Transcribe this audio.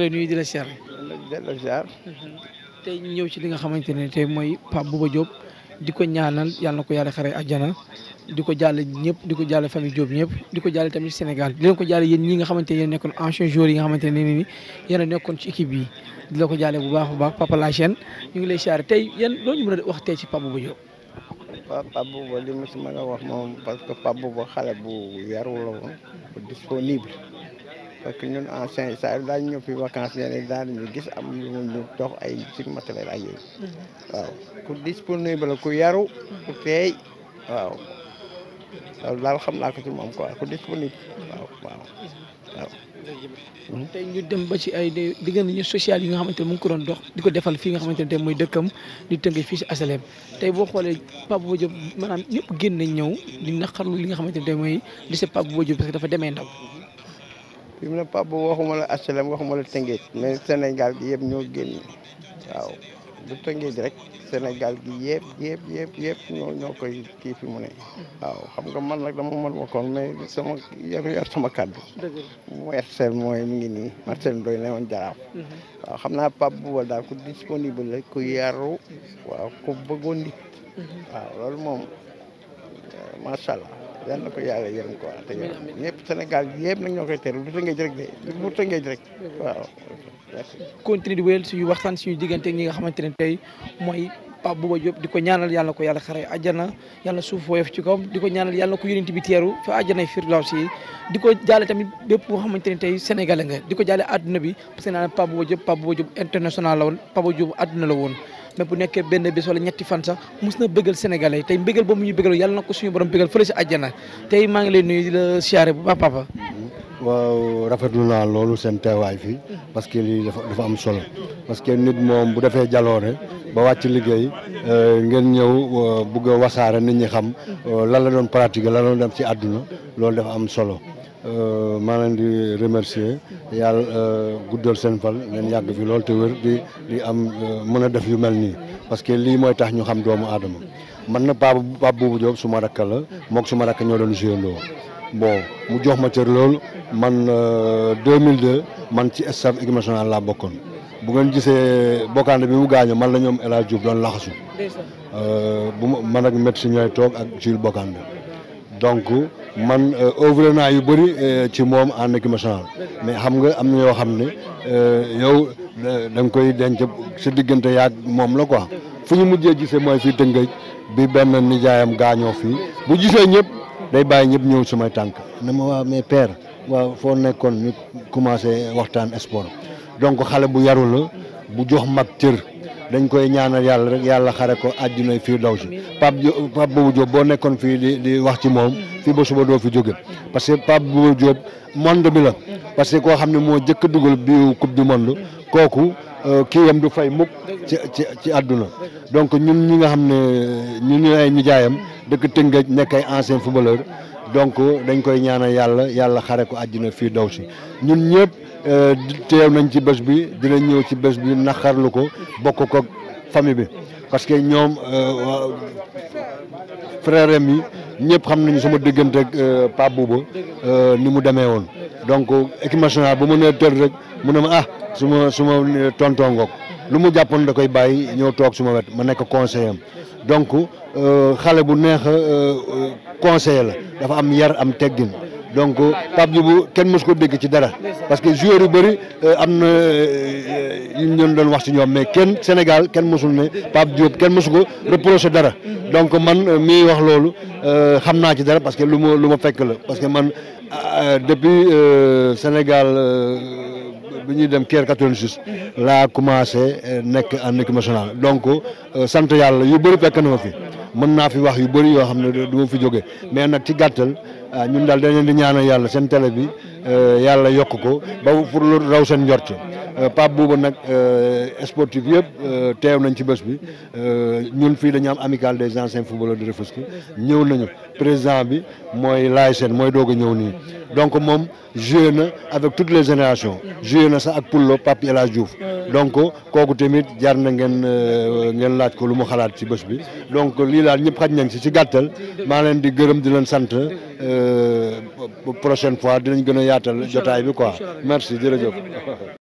ngi lay nuyu di la siyaar. tey ñëw ci li nga xamante ne tey mooy Pape ba Diop di ko ñaanal yàlla na ko yàlla xare àjjana di ko jàll ñëpp di ko jàll famille Diop ñëpp di ko jàll tamit Sénégal di leen ko jàll yéen ñi nga xamante ne yéen nekkoon ancien joueur yi nga xamante ne ni yéen a nekkoon ci équipe yi di la ko jàllee bu baax bu baax Papa La Chaîne ñu ngi lay siyaar tey yan loo ñu mën a wax tey ci Pape Bouba Diop. waaw Pape Bouba li ma si mën a wax moom parce que Pape Bouba xale bu yaru la parce que ñun ancien saa yu daañu ñëw fi vacances léeg-léeg daal ñu gis am ñu ñu dox ay ci matériel ay yooyu mm-hmm. waaw ku disponible la ku yaru ku teey waaw daal xam naa ko ci moom quoi ku disponible waaw waaw waaw mm-hmm. tey ñu dem ba ci ay diggante ñu social yi nga xamante ne mu ngi ko doon dox di ko defal fii nga xamante ne tey mooy dëkkam di tënk fii si asalem tey boo xoolee Pape Bouba Diop maanaam ñëpp génn ñëw di naqarlu li nga xamante ne tey mooy lycée Pape Bouba fi mu ne Pape boobu waxuma la HLM waxuma la Tëngéej mais Sénégal gi yëpp ñoo génn waaw du Tëngéej rek Sénégal gi yëpp yëpp ñoo koy kii fi mu ne. waaw xam nga man nag dama mën waxoon mais sama yor yor sama kàddu. dëgg la mooy mi ngi nii Marcel Ndoye ne woon jaraaf. Mhm. waaw xam naa Pape boobu daal ku disponible la ku yaru waaw ku bëggoon nit. Mhm. waaw loolu moom macha yal na ko yàlla yërëm ko te yërëm ñëpp Sénégal yëpp nag ñoo koy teru du tëngeej rek de bu tëngeej rek waaw merci continue di wéyal suñu diggante ñi nga xamante ne tey mooy Pape Bouba Diop di ko ñaanal yàlla ko yàlla xare àjjana yàlla suuf woyof ci kawam di ko ñaanal yàlla ko yonent bi teeru fa àjjana firdaws yi di ko jaale tamit bépp boo xamante ne tey sénégalais nga di ko jaale àdduna bi parce que naan Pape Bouba Diop Pape Bouba Diop international àdduna la woon mais bu nekkee benn bés wala ñetti fan sax mus na bëggal sénégalais tey mbëggal boobu ñu bëggal yàlla na ko suñu borom bëggal fële si àjjana tey maa ngi leen nuyu di la siyaare bu baax papa. waaw rafetlu naa loolu seen teewaay fii parce que lii dafa dafa am solo parce que nit moom bu defee jaloore ba wàcc liggéey euh, ngeen ñëw euh, bëgg a wasaare nit ñi xam euh, lan la doon pratiquer lan la doon dem ci àdduna loolu dafa am solo. Euh, maa leen di remercier yàlla euh, guddal seen fan ngeen yàgg fi lool te wér di am euh, mën a def yu mel nii parce que lii mooy tax ñu xam doomu adama man na Pape Pape Boubou Diop su ma rakk la mook su ma rakk ñoo doon jiyandoo bon mu jox ma cër lool man 2002 man ci staff équipe nationale laa bokkoon bu ngeen gisee bokkaande bi mu gaañoo man la ñoom El Hadj Diouf doon laxasu bu man ak médecin ñooy toog ak Jules bokkaande donc man euh, œuvré naa yu bëri euh, ci moom en équipe nationale mais xam nga am na yoo xam ne euh, yow da koy denc sa diggante yaag moom la quoi fu ñu mujjee gisee mooy fii Tëngéej bi benn nijaayam gaañoo fii bu gisee ñëpp day bàyyi ñëpp ñëw sumay tànk na ma waa mais per waaw foo nekkoon ni commencé waxtaan sport donc xale bu yaru bu jox mag cër dañ koy ñaanal yàlla rek yàlla xare ko àjjuna fii daw si Pape Pape Bouba boo nekkoon fii di di wax ci moom mhm. fii ba suba doo fi jóge parce que Pape Bouba Diop monde bi la mhm. parce que koo xam ne moo jëkk dugal bi coupe du monde mhm. kooku euh, kii yam du fay mukk ci ci ci àdduna donc ñun ñi nga xam ne ñu ñu ay nijaayam dëkk Tëngéej nekk ay ancien footballeur donc dañ koy ñaanal yàlla yàlla xare ko àjjuna fii daw si ñun ñëpp Euh, teew nañ ci bés bi dinañ ñëw ci bés bi xarlu ko bokk ko famille bi parce que ñoom euh, frère am yi ñëpp xam nañu sama diggante ak euh, Pape Bouba ni mu demee woon donc équipe nationale bu ma nee tër rek mu ne ma ah su ma su ma tonton ngoog lu mu jàppoon da koy bàyyi ñëw toog suma wet ma nekk conseiller am donc xale bu neex conseiller la dafa am yar am teggin donc euh, Pape Diouf kenn mos dégg ci dara parce que joueurs yu bëri euh, am na euh, yu ñu doon wax ci ñoom mais kenn Sénégal kenn mësul ne Pape Diouf kenn mosu ko reproché dara donc man mii wax loolu xam naa ci dara parce que lu ma lu ma fekk la parce que man depuis Sénégal bu ñuy dem Caire 86 laa commencé nekk en équipe nationale donc sant yàlla yu bëri fekk na ma fi mën naa fi wax yu bëri yoo xam ne du ma fi jógee mais nag ci gàttal. ah ñun daal dañ leen di ñaanal yàlla seen tele bi eh, yàlla yokk ko ba pour lu raw seen njort Euh, Pape Bouba nag euh, sportif yëpp euh, teew nañ ci bés bi ñun fii dañu am amicale des anciens footballeurs de Rufisque ñëw nañu président bi mooy laay seen mooy doog a ñëw nii donc moom joué na avec toutes les générations joué na sax ak Pullo Pape El Hadj donc kooku tamit jar na ngeen ngeen laaj ko lu mu xalaat ci bés bi donc lii daal ñëpp xaj nañ si ci gàttal maa leen di gërëm di leen sant prochaine fois dinañ gën a yaatal jotaay bi quoi merci jërëjëf